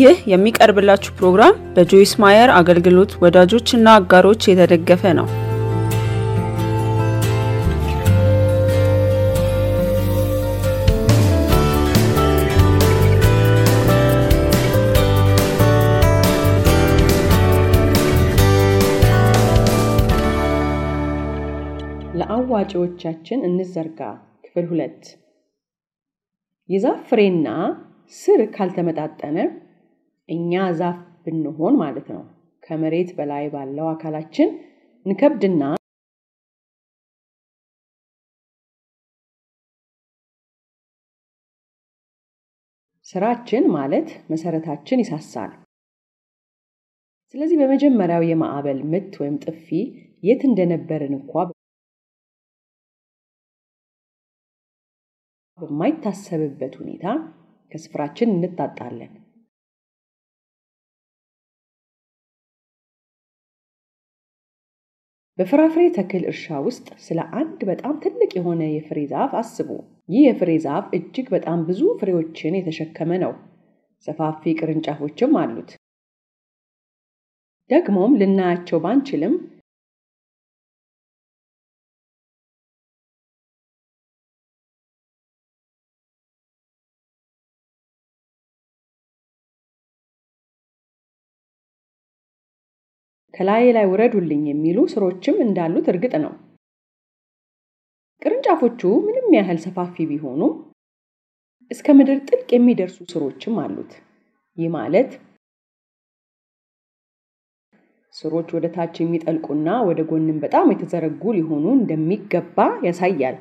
ይህ የሚቀርብላችሁ ፕሮግራም በጆይስ ማየር አገልግሎት ወዳጆችና አጋሮች የተደገፈ ነው። ለአዋጪዎቻችን እንዘርጋ ክፍል ሁለት የዛፍ ፍሬና ስር ካልተመጣጠነ እኛ ዛፍ ብንሆን ማለት ነው ከመሬት በላይ ባለው አካላችን እንከብድና ስራችን ማለት መሰረታችን ይሳሳል። ስለዚህ በመጀመሪያው የማዕበል ምት ወይም ጥፊ የት እንደነበርን እንኳ በማይታሰብበት ሁኔታ ከስፍራችን እንታጣለን። በፍራፍሬ ተክል እርሻ ውስጥ ስለ አንድ በጣም ትልቅ የሆነ የፍሬ ዛፍ አስቡ። ይህ የፍሬ ዛፍ እጅግ በጣም ብዙ ፍሬዎችን የተሸከመ ነው። ሰፋፊ ቅርንጫፎችም አሉት። ደግሞም ልናያቸው ባንችልም ከላይ ላይ ውረዱልኝ የሚሉ ስሮችም እንዳሉት እርግጥ ነው። ቅርንጫፎቹ ምንም ያህል ሰፋፊ ቢሆኑም እስከ ምድር ጥልቅ የሚደርሱ ስሮችም አሉት። ይህ ማለት ስሮች ወደ ታች የሚጠልቁና ወደ ጎንም በጣም የተዘረጉ ሊሆኑ እንደሚገባ ያሳያል።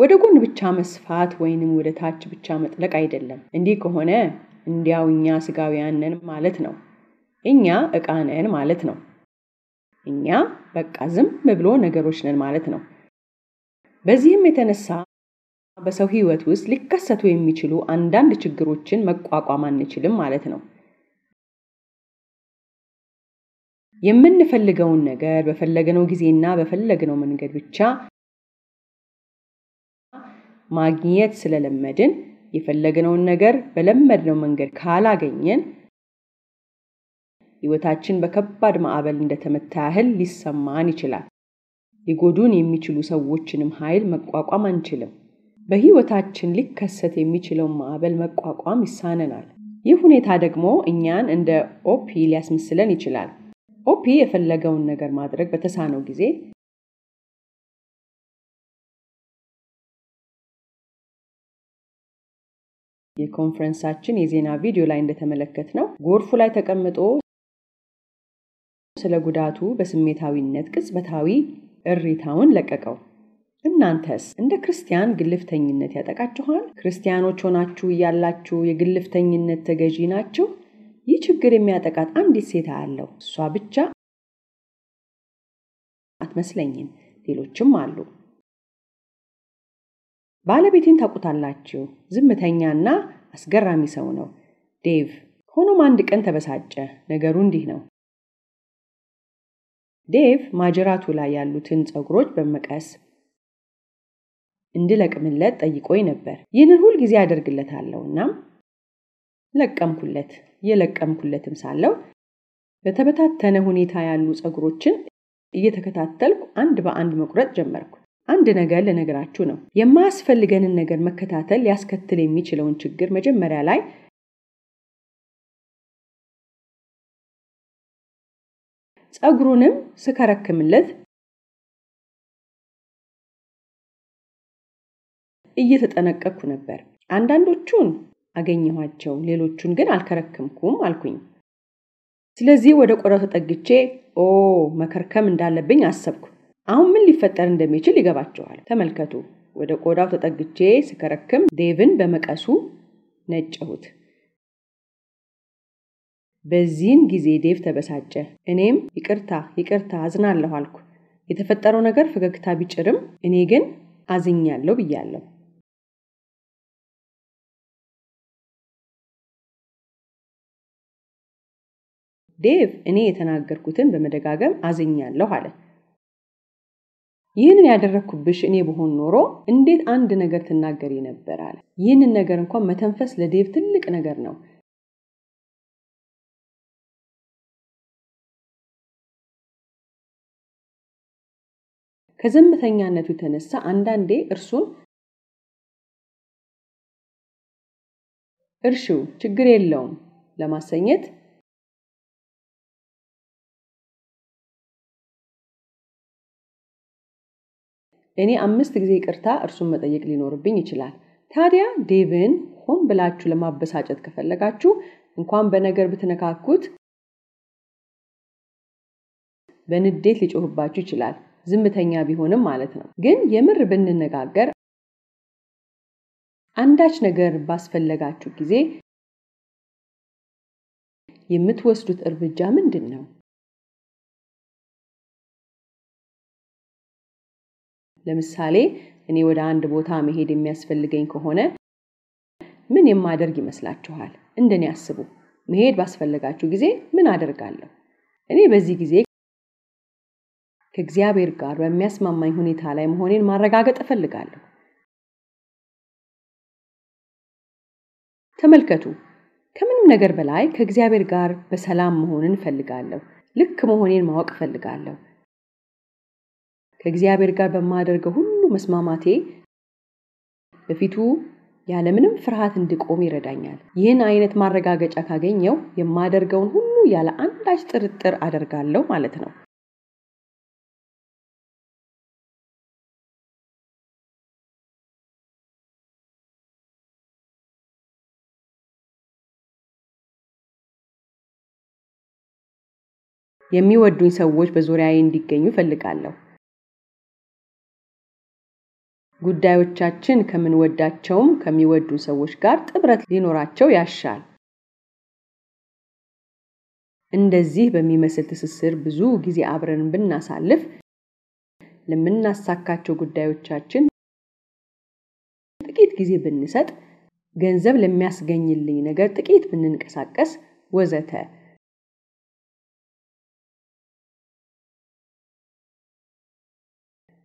ወደ ጎን ብቻ መስፋት ወይንም ወደ ታች ብቻ መጥለቅ አይደለም። እንዲህ ከሆነ እንዲያው እኛ ስጋውያን ነን ማለት ነው። እኛ እቃ ነን ማለት ነው። እኛ በቃ ዝም ብሎ ነገሮች ነን ማለት ነው። በዚህም የተነሳ በሰው ህይወት ውስጥ ሊከሰቱ የሚችሉ አንዳንድ ችግሮችን መቋቋም አንችልም ማለት ነው። የምንፈልገውን ነገር በፈለግነው ጊዜና በፈለግነው መንገድ ብቻ ማግኘት ስለለመድን የፈለግነውን ነገር በለመድነው መንገድ ካላገኘን ሕይወታችን በከባድ ማዕበል እንደተመታ ያህል ሊሰማን ይችላል። ሊጎዱን የሚችሉ ሰዎችንም ኃይል መቋቋም አንችልም። በሕይወታችን ሊከሰት የሚችለውን ማዕበል መቋቋም ይሳነናል። ይህ ሁኔታ ደግሞ እኛን እንደ ኦፒ ሊያስመስለን ይችላል። ኦፒ የፈለገውን ነገር ማድረግ በተሳነው ጊዜ የኮንፈረንሳችን የዜና ቪዲዮ ላይ እንደተመለከት ነው ጎርፉ ላይ ተቀምጦ ስለ ጉዳቱ በስሜታዊነት ቅጽበታዊ እሪታውን ለቀቀው። እናንተስ እንደ ክርስቲያን ግልፍተኝነት ያጠቃችኋል? ክርስቲያኖች ሆናችሁ እያላችሁ የግልፍተኝነት ተገዢ ናችሁ? ይህ ችግር የሚያጠቃት አንዲት ሴት አለው። እሷ ብቻ አትመስለኝም፣ ሌሎችም አሉ። ባለቤቴን ታውቁታላችሁ። ዝምተኛና አስገራሚ ሰው ነው ዴቭ። ሆኖም አንድ ቀን ተበሳጨ። ነገሩ እንዲህ ነው። ዴቭ ማጅራቱ ላይ ያሉትን ፀጉሮች በመቀስ እንድለቅምለት ጠይቆኝ ነበር። ይህንን ሁል ጊዜ አደርግለታለሁ እናም ለቀምኩለት። የለቀምኩለትም ሳለው በተበታተነ ሁኔታ ያሉ ፀጉሮችን እየተከታተልኩ አንድ በአንድ መቁረጥ ጀመርኩ። አንድ ነገር ልነግራችሁ ነው። የማያስፈልገንን ነገር መከታተል ሊያስከትል የሚችለውን ችግር መጀመሪያ ላይ ፀጉሩንም ስከረክምለት እየተጠነቀቅኩ ነበር። አንዳንዶቹን አገኘኋቸው፣ ሌሎቹን ግን አልከረክምኩም አልኩኝ። ስለዚህ ወደ ቆዳው ተጠግቼ ኦ መከርከም እንዳለብኝ አሰብኩ። አሁን ምን ሊፈጠር እንደሚችል ይገባቸዋል። ተመልከቱ። ወደ ቆዳው ተጠግቼ ስከረክም ዴቭን በመቀሱ ነጨሁት። በዚህን ጊዜ ዴቭ ተበሳጨ። እኔም ይቅርታ ይቅርታ አዝናለሁ አልኩ። የተፈጠረው ነገር ፈገግታ ቢጭርም እኔ ግን አዝኛለሁ ብያለሁ። ዴቭ እኔ የተናገርኩትን በመደጋገም አዝኛለሁ አለ። ይህንን ያደረግኩብሽ እኔ በሆን ኖሮ እንዴት አንድ ነገር ትናገሪ ነበር አለ። ይህንን ነገር እንኳን መተንፈስ ለዴቭ ትልቅ ነገር ነው። ከዘምተኛነቱ የተነሳ አንዳንዴ እርሱን እርሺው ችግር የለውም ለማሰኘት እኔ አምስት ጊዜ ቅርታ እርሱን መጠየቅ ሊኖርብኝ ይችላል። ታዲያ ዴቭን ሆን ብላችሁ ለማበሳጨት ከፈለጋችሁ እንኳን በነገር ብትነካኩት በንዴት ሊጮህባችሁ ይችላል። ዝምተኛ ቢሆንም ማለት ነው። ግን የምር ብንነጋገር አንዳች ነገር ባስፈለጋችሁ ጊዜ የምትወስዱት እርምጃ ምንድን ነው? ለምሳሌ እኔ ወደ አንድ ቦታ መሄድ የሚያስፈልገኝ ከሆነ ምን የማደርግ ይመስላችኋል? እንደኔ አስቡ። መሄድ ባስፈለጋችሁ ጊዜ ምን አደርጋለሁ? እኔ በዚህ ጊዜ ከእግዚአብሔር ጋር በሚያስማማኝ ሁኔታ ላይ መሆኔን ማረጋገጥ እፈልጋለሁ። ተመልከቱ፣ ከምንም ነገር በላይ ከእግዚአብሔር ጋር በሰላም መሆንን እፈልጋለሁ። ልክ መሆኔን ማወቅ እፈልጋለሁ። ከእግዚአብሔር ጋር በማደርገው ሁሉ መስማማቴ በፊቱ ያለምንም ፍርሃት እንድቆም ይረዳኛል። ይህን አይነት ማረጋገጫ ካገኘው የማደርገውን ሁሉ ያለ አንዳች ጥርጥር አደርጋለሁ ማለት ነው። የሚወዱኝ ሰዎች በዙሪያዬ እንዲገኙ ፈልጋለሁ ጉዳዮቻችን ከምንወዳቸውም ከሚወዱን ሰዎች ጋር ጥብረት ሊኖራቸው ያሻል። እንደዚህ በሚመስል ትስስር ብዙ ጊዜ አብረን ብናሳልፍ ለምናሳካቸው ጉዳዮቻችን ጥቂት ጊዜ ብንሰጥ ገንዘብ ለሚያስገኝልኝ ነገር ጥቂት ብንንቀሳቀስ ወዘተ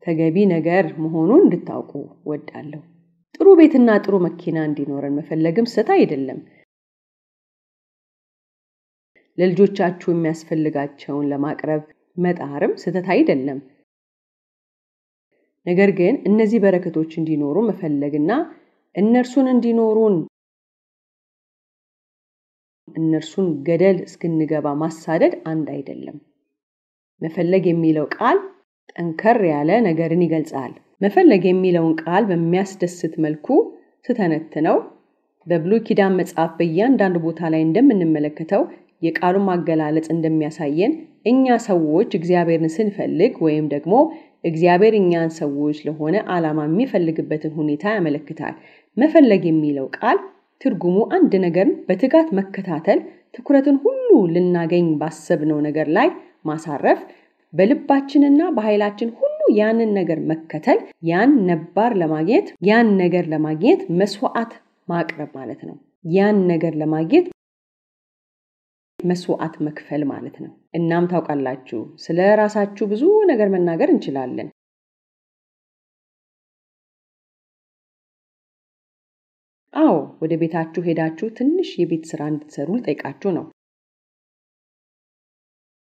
ተገቢ ነገር መሆኑን እንድታውቁ ወዳለሁ። ጥሩ ቤትና ጥሩ መኪና እንዲኖረን መፈለግም ስህተት አይደለም። ለልጆቻችሁ የሚያስፈልጋቸውን ለማቅረብ መጣርም ስህተት አይደለም። ነገር ግን እነዚህ በረከቶች እንዲኖሩ መፈለግና እነርሱን እንዲኖሩን እነርሱን ገደል እስክንገባ ማሳደድ አንድ አይደለም። መፈለግ የሚለው ቃል ጠንከር ያለ ነገርን ይገልጻል። መፈለግ የሚለውን ቃል በሚያስደስት መልኩ ስተነትነው በብሉይ ኪዳን መጽሐፍ በእያንዳንዱ ቦታ ላይ እንደምንመለከተው የቃሉን ማገላለጽ እንደሚያሳየን እኛ ሰዎች እግዚአብሔርን ስንፈልግ ወይም ደግሞ እግዚአብሔር እኛን ሰዎች ለሆነ ዓላማ የሚፈልግበትን ሁኔታ ያመለክታል። መፈለግ የሚለው ቃል ትርጉሙ አንድ ነገርን በትጋት መከታተል፣ ትኩረትን ሁሉ ልናገኝ ባሰብነው ነገር ላይ ማሳረፍ በልባችንና በኃይላችን ሁሉ ያንን ነገር መከተል ያን ነባር ለማግኘት ያን ነገር ለማግኘት መስዋዕት ማቅረብ ማለት ነው። ያን ነገር ለማግኘት መስዋዕት መክፈል ማለት ነው። እናም ታውቃላችሁ፣ ስለ ራሳችሁ ብዙ ነገር መናገር እንችላለን። አዎ፣ ወደ ቤታችሁ ሄዳችሁ ትንሽ የቤት ስራ እንድትሰሩ ልጠይቃችሁ ነው።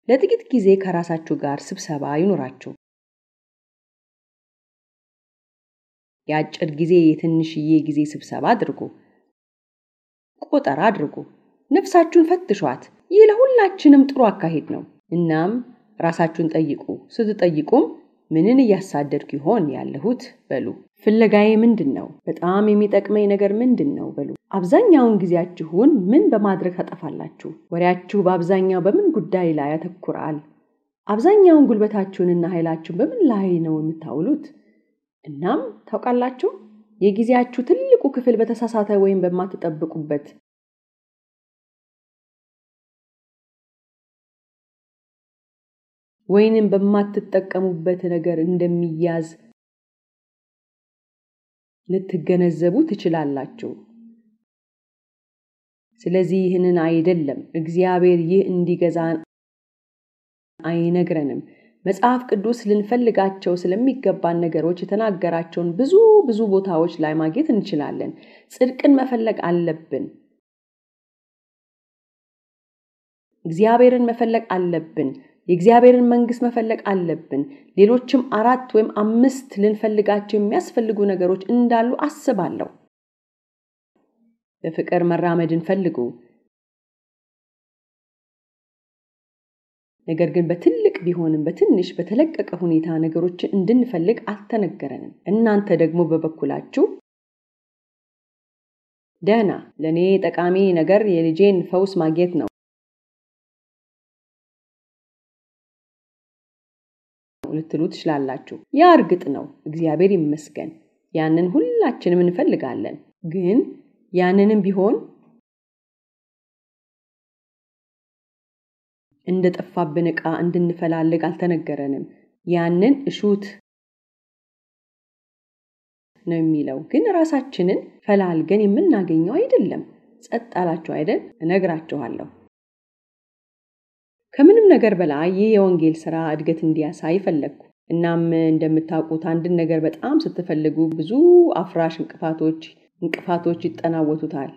ለጥቂት ጊዜ ከራሳችሁ ጋር ስብሰባ ይኖራችሁ የአጭር ጊዜ የትንሽዬ ጊዜ ስብሰባ አድርጉ። ቆጠራ አድርጉ። ነፍሳችሁን ፈትሿት። ይህ ለሁላችንም ጥሩ አካሄድ ነው። እናም ራሳችሁን ጠይቁ። ስትጠይቁም ምንን እያሳደድኩ ይሆን ያለሁት በሉ። ፍለጋዬ ምንድን ነው? በጣም የሚጠቅመኝ ነገር ምንድን ነው? በሉ። አብዛኛውን ጊዜያችሁን ምን በማድረግ ታጠፋላችሁ? ወሬያችሁ በአብዛኛው በምን ጉዳይ ላይ ያተኩራል? አብዛኛውን ጉልበታችሁንና ኃይላችሁን በምን ላይ ነው የምታውሉት? እናም ታውቃላችሁ፣ የጊዜያችሁ ትልቁ ክፍል በተሳሳተ ወይም በማትጠብቁበት ወይንም በማትጠቀሙበት ነገር እንደሚያዝ ልትገነዘቡ ትችላላችሁ። ስለዚህ ይህንን አይደለም እግዚአብሔር ይህ እንዲገዛን አይነግረንም። መጽሐፍ ቅዱስ ልንፈልጋቸው ስለሚገባን ነገሮች የተናገራቸውን ብዙ ብዙ ቦታዎች ላይ ማግኘት እንችላለን። ጽድቅን መፈለግ አለብን። እግዚአብሔርን መፈለግ አለብን። የእግዚአብሔርን መንግስት መፈለግ አለብን። ሌሎችም አራት ወይም አምስት ልንፈልጋቸው የሚያስፈልጉ ነገሮች እንዳሉ አስባለሁ። በፍቅር መራመድን ፈልጉ። ነገር ግን በትልቅ ቢሆንም በትንሽ በተለቀቀ ሁኔታ ነገሮችን እንድንፈልግ አልተነገረንም። እናንተ ደግሞ በበኩላችሁ ደህና፣ ለእኔ ጠቃሚ ነገር የልጄን ፈውስ ማግኘት ነው ልትሉ ትችላላችሁ። ያ እርግጥ ነው፣ እግዚአብሔር ይመስገን። ያንን ሁላችንም እንፈልጋለን። ግን ያንንም ቢሆን እንደ ጠፋብን ዕቃ እንድንፈላልግ አልተነገረንም። ያንን እሹት ነው የሚለው። ግን ራሳችንን ፈላልገን የምናገኘው አይደለም። ጸጥ አላችሁ አይደል? እነግራችኋለሁ። ከምንም ነገር በላይ ይህ የወንጌል ስራ እድገት እንዲያሳይ ፈለግኩ። እናም እንደምታውቁት አንድን ነገር በጣም ስትፈልጉ ብዙ አፍራሽ እንቅፋቶች እንቅፋቶች ይጠናወቱታል።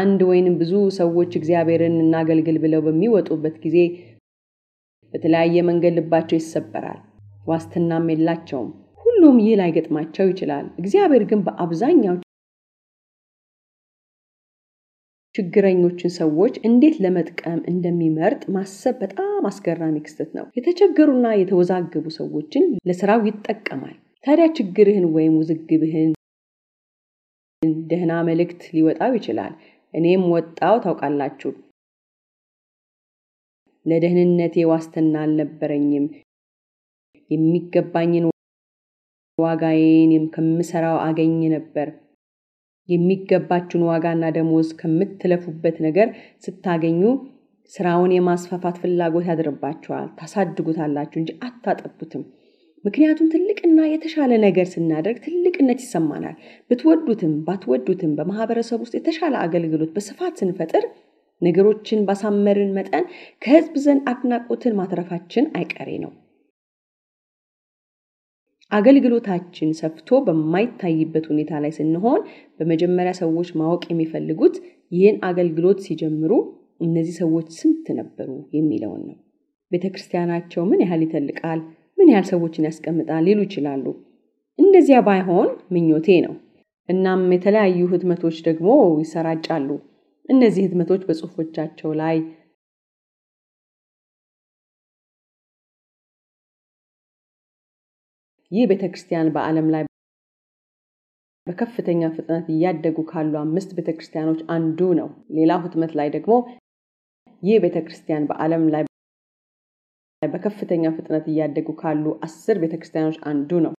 አንድ ወይንም ብዙ ሰዎች እግዚአብሔርን እናገልግል ብለው በሚወጡበት ጊዜ በተለያየ መንገድ ልባቸው ይሰበራል፣ ዋስትናም የላቸውም። ሁሉም ይህ ላይገጥማቸው ይችላል። እግዚአብሔር ግን በአብዛኛው ችግረኞችን ሰዎች እንዴት ለመጥቀም እንደሚመርጥ ማሰብ በጣም አስገራሚ ክስተት ነው። የተቸገሩና የተወዛገቡ ሰዎችን ለስራው ይጠቀማል። ታዲያ ችግርህን ወይም ውዝግብህን ደህና መልእክት ሊወጣው ይችላል። እኔም ወጣው ታውቃላችሁ። ለደህንነቴ ዋስትና አልነበረኝም። የሚገባኝን ዋጋዬን ከምሰራው አገኝ ነበር። የሚገባችሁን ዋጋና ደሞዝ ከምትለፉበት ነገር ስታገኙ ስራውን የማስፋፋት ፍላጎት ያድርባችኋል። ታሳድጉታላችሁ እንጂ አታጠቡትም። ምክንያቱም ትልቅና የተሻለ ነገር ስናደርግ ትልቅነት ይሰማናል። ብትወዱትም ባትወዱትም በማህበረሰብ ውስጥ የተሻለ አገልግሎት በስፋት ስንፈጥር ነገሮችን ባሳመርን መጠን ከህዝብ ዘንድ አድናቆትን ማትረፋችን አይቀሬ ነው። አገልግሎታችን ሰፍቶ በማይታይበት ሁኔታ ላይ ስንሆን በመጀመሪያ ሰዎች ማወቅ የሚፈልጉት ይህን አገልግሎት ሲጀምሩ እነዚህ ሰዎች ስንት ነበሩ የሚለውን ነው። ቤተ ክርስቲያናቸው ምን ያህል ይተልቃል፣ ምን ያህል ሰዎችን ያስቀምጣል ሊሉ ይችላሉ። እንደዚያ ባይሆን ምኞቴ ነው። እናም የተለያዩ ህትመቶች ደግሞ ይሰራጫሉ። እነዚህ ህትመቶች በጽሁፎቻቸው ላይ ይህ ቤተ ክርስቲያን በዓለም ላይ በከፍተኛ ፍጥነት እያደጉ ካሉ አምስት ቤተ ክርስቲያኖች አንዱ ነው። ሌላ ህትመት ላይ ደግሞ ይህ ቤተ ክርስቲያን በዓለም ላይ በከፍተኛ ፍጥነት እያደጉ ካሉ አስር ቤተክርስቲያኖች አንዱ ነው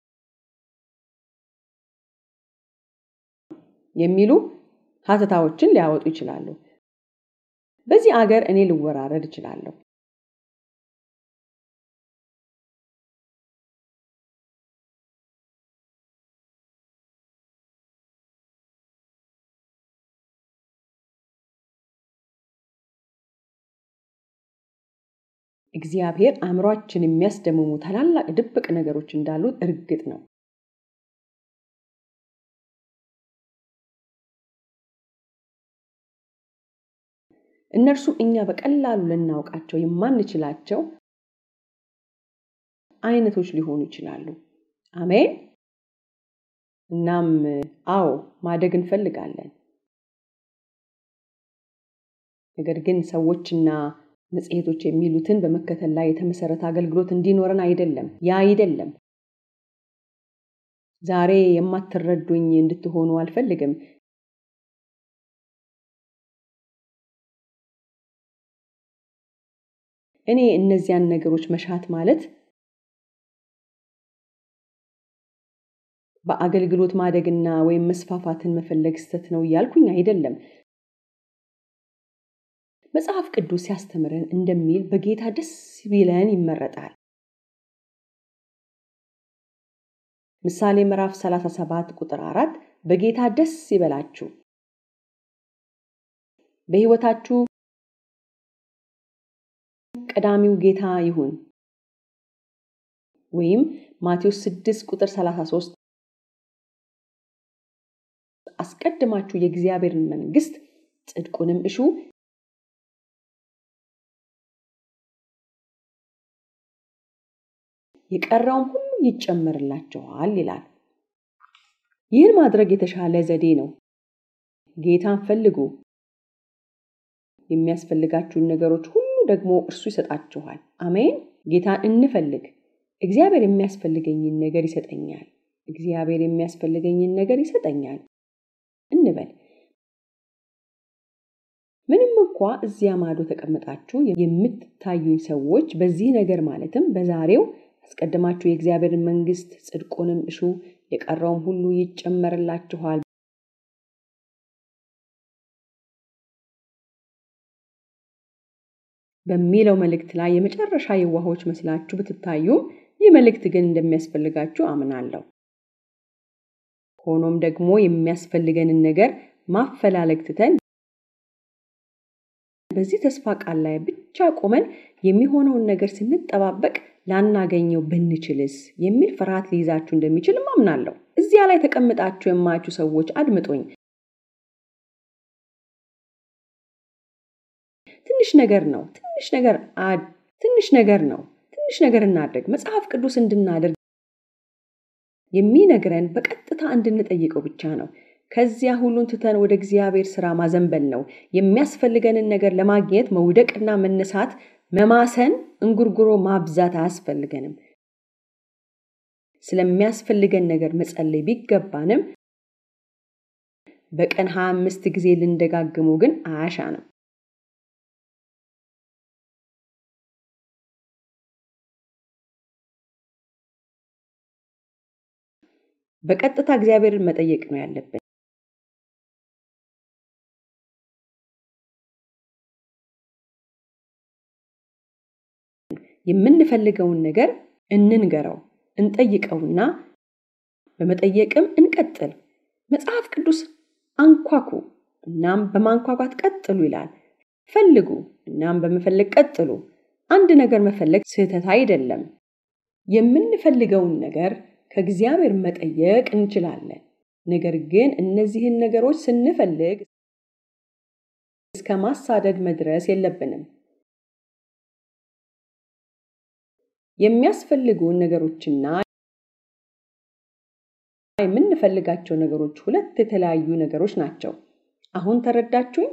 የሚሉ ሀተታዎችን ሊያወጡ ይችላሉ። በዚህ አገር እኔ ልወራረድ ይችላለሁ እግዚአብሔር አእምሯችን የሚያስደምሙ ታላላቅ ድብቅ ነገሮች እንዳሉት እርግጥ ነው። እነርሱም እኛ በቀላሉ ልናውቃቸው የማንችላቸው አይነቶች ሊሆኑ ይችላሉ። አሜን። እናም አዎ ማደግ እንፈልጋለን። ነገር ግን ሰዎችና መጽሔቶች የሚሉትን በመከተል ላይ የተመሰረተ አገልግሎት እንዲኖረን አይደለም። ያ አይደለም። ዛሬ የማትረዱኝ እንድትሆኑ አልፈልግም። እኔ እነዚያን ነገሮች መሻት ማለት በአገልግሎት ማደግና ወይም መስፋፋትን መፈለግ ስተት ነው እያልኩኝ አይደለም። መጽሐፍ ቅዱስ ሲያስተምረን እንደሚል በጌታ ደስ ቢለን ይመረጣል። ምሳሌ ምዕራፍ 37 ቁጥር 4 በጌታ ደስ ይበላችሁ፣ በሕይወታችሁ ቀዳሚው ጌታ ይሁን ወይም ማቴዎስ 6 ቁጥር 33 አስቀድማችሁ የእግዚአብሔርን መንግስት ጽድቁንም እሹ የቀረውም ሁሉ ይጨመርላቸዋል ይላል። ይህን ማድረግ የተሻለ ዘዴ ነው። ጌታን ፈልጉ፣ የሚያስፈልጋችሁን ነገሮች ሁሉ ደግሞ እርሱ ይሰጣችኋል። አሜን። ጌታን እንፈልግ። እግዚአብሔር የሚያስፈልገኝን ነገር ይሰጠኛል፣ እግዚአብሔር የሚያስፈልገኝን ነገር ይሰጠኛል እንበል። ምንም እንኳ እዚያ ማዶ ተቀምጣችሁ የምትታዩኝ ሰዎች በዚህ ነገር ማለትም በዛሬው አስቀድማችሁ የእግዚአብሔርን መንግስት ጽድቁንም እሹ፣ የቀረውም ሁሉ ይጨመርላችኋል። በሚለው መልእክት ላይ የመጨረሻ የዋሆች መስላችሁ ብትታዩም ይህ መልእክት ግን እንደሚያስፈልጋችሁ አምናለሁ። ሆኖም ደግሞ የሚያስፈልገንን ነገር ማፈላለግ ትተን በዚህ ተስፋ ቃል ላይ ብቻ ቆመን የሚሆነውን ነገር ስንጠባበቅ ላናገኘው ብንችልስ የሚል ፍርሃት ሊይዛችሁ እንደሚችል ማምናለሁ። እዚያ ላይ ተቀምጣችሁ የማያችሁ ሰዎች አድምጡኝ። ትንሽ ነገር ነው፣ ትንሽ ነገር አድ ትንሽ ነገር ነው፣ ትንሽ ነገር እናድርግ። መጽሐፍ ቅዱስ እንድናደርግ የሚነግረን በቀጥታ እንድንጠይቀው ብቻ ነው። ከዚያ ሁሉን ትተን ወደ እግዚአብሔር ስራ ማዘንበል ነው። የሚያስፈልገንን ነገር ለማግኘት መውደቅና መነሳት መማሰን እንጉርጉሮ ማብዛት አያስፈልገንም። ስለሚያስፈልገን ነገር መጸለይ ቢገባንም በቀን 25 ጊዜ ልንደጋግሙ ግን አያሻንም። በቀጥታ እግዚአብሔርን መጠየቅ ነው ያለብን። የምንፈልገውን ነገር እንንገረው፣ እንጠይቀውና በመጠየቅም እንቀጥል። መጽሐፍ ቅዱስ አንኳኩ፣ እናም በማንኳኳት ቀጥሉ ይላል። ፈልጉ፣ እናም በመፈለግ ቀጥሉ። አንድ ነገር መፈለግ ስህተት አይደለም። የምንፈልገውን ነገር ከእግዚአብሔር መጠየቅ እንችላለን። ነገር ግን እነዚህን ነገሮች ስንፈልግ እስከ ማሳደድ መድረስ የለብንም። የሚያስፈልጉን ነገሮችና የምንፈልጋቸው ነገሮች ሁለት የተለያዩ ነገሮች ናቸው። አሁን ተረዳችሁኝ?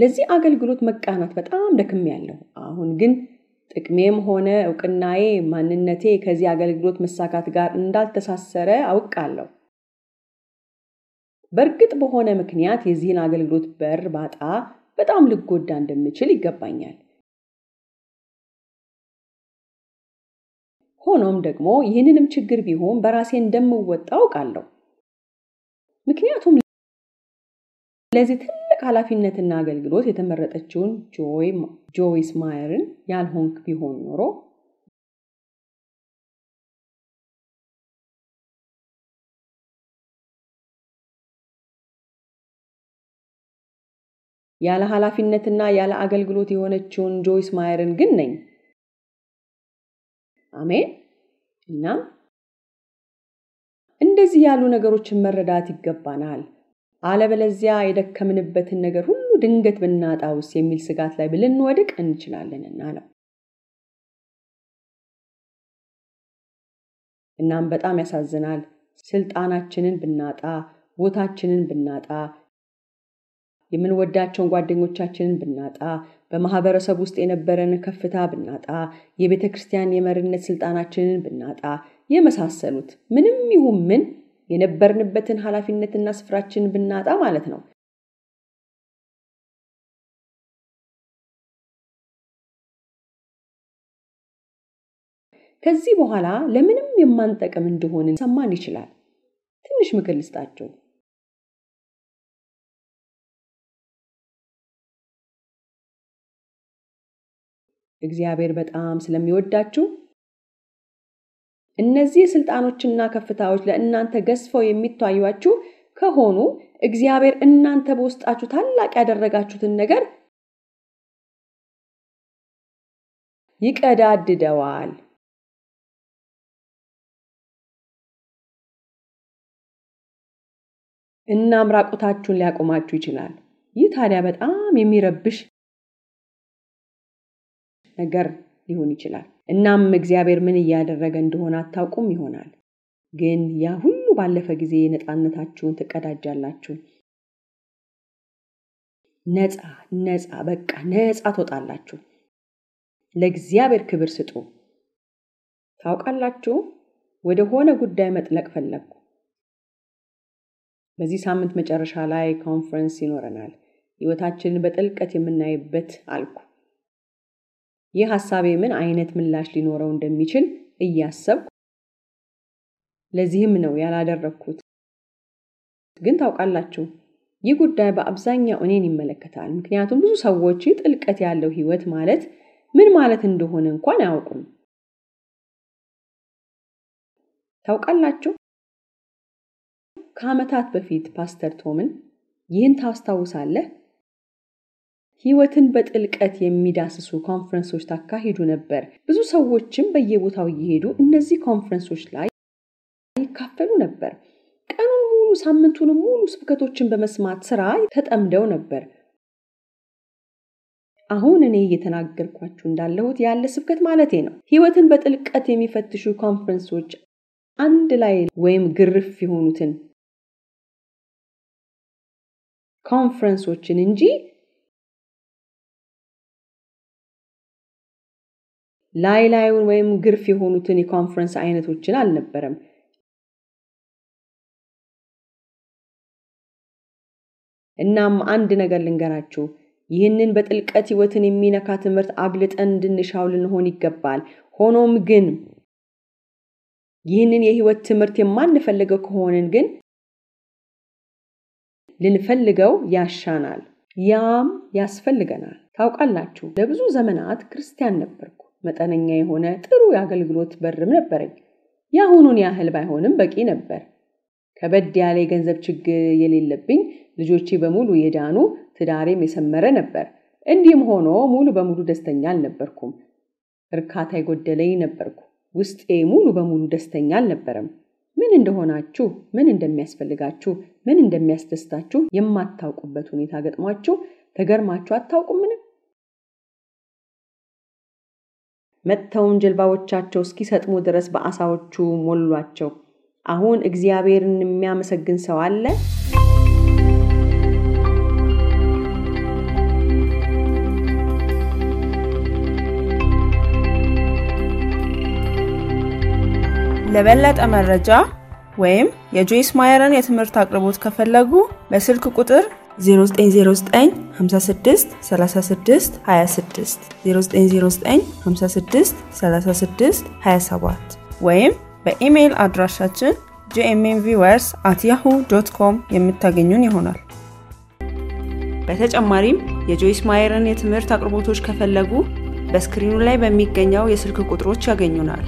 ለዚህ አገልግሎት መቃናት በጣም ያለው አሁን ግን ጥቅሜም ሆነ እውቅናዬ፣ ማንነቴ ከዚህ አገልግሎት መሳካት ጋር እንዳልተሳሰረ አውቃለሁ። በእርግጥ በሆነ ምክንያት የዚህን አገልግሎት በር ባጣ በጣም ልጎዳ እንደምችል ይገባኛል። ሆኖም ደግሞ ይህንንም ችግር ቢሆን በራሴ እንደምወጣ አውቃለሁ። ምክንያቱም ለዚህ ትልቅ ኃላፊነትና አገልግሎት የተመረጠችውን ጆይስ ማየርን ያልሆንክ ቢሆን ኖሮ ያለ ኃላፊነትና ያለ አገልግሎት የሆነችውን ጆይስ ማየርን ግን ነኝ። አሜን። እናም እንደዚህ ያሉ ነገሮችን መረዳት ይገባናል። አለበለዚያ የደከምንበትን ነገር ሁሉ ድንገት ብናጣውስ የሚል ስጋት ላይ ብልንወድቅ እንችላለንና ነው። እናም በጣም ያሳዝናል። ስልጣናችንን ብናጣ፣ ቦታችንን ብናጣ፣ የምንወዳቸውን ጓደኞቻችንን ብናጣ በማህበረሰብ ውስጥ የነበረን ከፍታ ብናጣ፣ የቤተ ክርስቲያን የመሪነት ስልጣናችንን ብናጣ፣ የመሳሰሉት ምንም ይሁን ምን የነበርንበትን ኃላፊነትና ስፍራችን ብናጣ ማለት ነው። ከዚህ በኋላ ለምንም የማንጠቅም እንደሆንን ሰማን ይችላል። ትንሽ ምክር ልስጣቸው። እግዚአብሔር በጣም ስለሚወዳችሁ እነዚህ ስልጣኖችና ከፍታዎች ለእናንተ ገዝፈው የሚታዩአችሁ ከሆኑ እግዚአብሔር እናንተ በውስጣችሁ ታላቅ ያደረጋችሁትን ነገር ይቀዳድደዋል። እናም ራቁታችሁን ሊያቆማችሁ ይችላል። ይህ ታዲያ በጣም የሚረብሽ ነገር ሊሆን ይችላል። እናም እግዚአብሔር ምን እያደረገ እንደሆነ አታውቁም ይሆናል። ግን ያ ሁሉ ባለፈ ጊዜ ነፃነታችሁን ትቀዳጃላችሁ። ነፃ ነፃ በቃ ነፃ ትወጣላችሁ። ለእግዚአብሔር ክብር ስጡ። ታውቃላችሁ፣ ወደ ሆነ ጉዳይ መጥለቅ ፈለግኩ። በዚህ ሳምንት መጨረሻ ላይ ኮንፈረንስ ይኖረናል። ህይወታችንን በጥልቀት የምናይበት አልኩ። ይህ ሐሳቤ ምን አይነት ምላሽ ሊኖረው እንደሚችል እያሰብኩ ለዚህም ነው ያላደረግኩት። ግን ታውቃላችሁ ይህ ጉዳይ በአብዛኛው እኔን ይመለከታል። ምክንያቱም ብዙ ሰዎች ጥልቀት ያለው ህይወት ማለት ምን ማለት እንደሆነ እንኳን አያውቁም። ታውቃላችሁ ከአመታት በፊት ፓስተር ቶምን ይህን ታስታውሳለህ ሕይወትን በጥልቀት የሚዳስሱ ኮንፈረንሶች ታካሂዱ ነበር። ብዙ ሰዎችም በየቦታው እየሄዱ እነዚህ ኮንፈረንሶች ላይ ይካፈሉ ነበር። ቀኑን ሙሉ ሳምንቱንም ሙሉ ስብከቶችን በመስማት ስራ ተጠምደው ነበር። አሁን እኔ እየተናገርኳችሁ እንዳለሁት ያለ ስብከት ማለቴ ነው። ሕይወትን በጥልቀት የሚፈትሹ ኮንፈረንሶች አንድ ላይ ወይም ግርፍ የሆኑትን ኮንፈረንሶችን እንጂ ላይ ላዩን ወይም ግርፍ የሆኑትን የኮንፈረንስ አይነቶችን አልነበረም። እናም አንድ ነገር ልንገራችሁ። ይህንን በጥልቀት ህይወትን የሚነካ ትምህርት አብልጠን እንድንሻው ልንሆን ይገባል። ሆኖም ግን ይህንን የህይወት ትምህርት የማንፈልገው ከሆንን ግን ልንፈልገው ያሻናል። ያም ያስፈልገናል። ታውቃላችሁ፣ ለብዙ ዘመናት ክርስቲያን ነበርኩ። መጠነኛ የሆነ ጥሩ የአገልግሎት በርም ነበረኝ። የአሁኑን ያህል ባይሆንም በቂ ነበር። ከበድ ያለ የገንዘብ ችግር የሌለብኝ፣ ልጆቼ በሙሉ የዳኑ፣ ትዳሬም የሰመረ ነበር። እንዲህም ሆኖ ሙሉ በሙሉ ደስተኛ አልነበርኩም። እርካታ የጎደለኝ ነበርኩ። ውስጤ ሙሉ በሙሉ ደስተኛ አልነበረም። ምን እንደሆናችሁ፣ ምን እንደሚያስፈልጋችሁ፣ ምን እንደሚያስደስታችሁ የማታውቁበት ሁኔታ ገጥሟችሁ ተገርማችሁ አታውቁምን? መጥተውም ጀልባዎቻቸው እስኪሰጥሙ ድረስ በአሳዎቹ ሞሏቸው። አሁን እግዚአብሔርን የሚያመሰግን ሰው አለ? ለበለጠ መረጃ ወይም የጆይስ ማየርን የትምህርት አቅርቦት ከፈለጉ በስልክ ቁጥር 0909563626 ወይም በኢሜይል አድራሻችን ጂኤምኤም አት ያሁ ዶት ኮም የምታገኙን ይሆናል። በተጨማሪም የጆይስ ማየርን የትምህርት አቅርቦቶች ከፈለጉ በስክሪኑ ላይ በሚገኘው የስልክ ቁጥሮች ያገኙናል።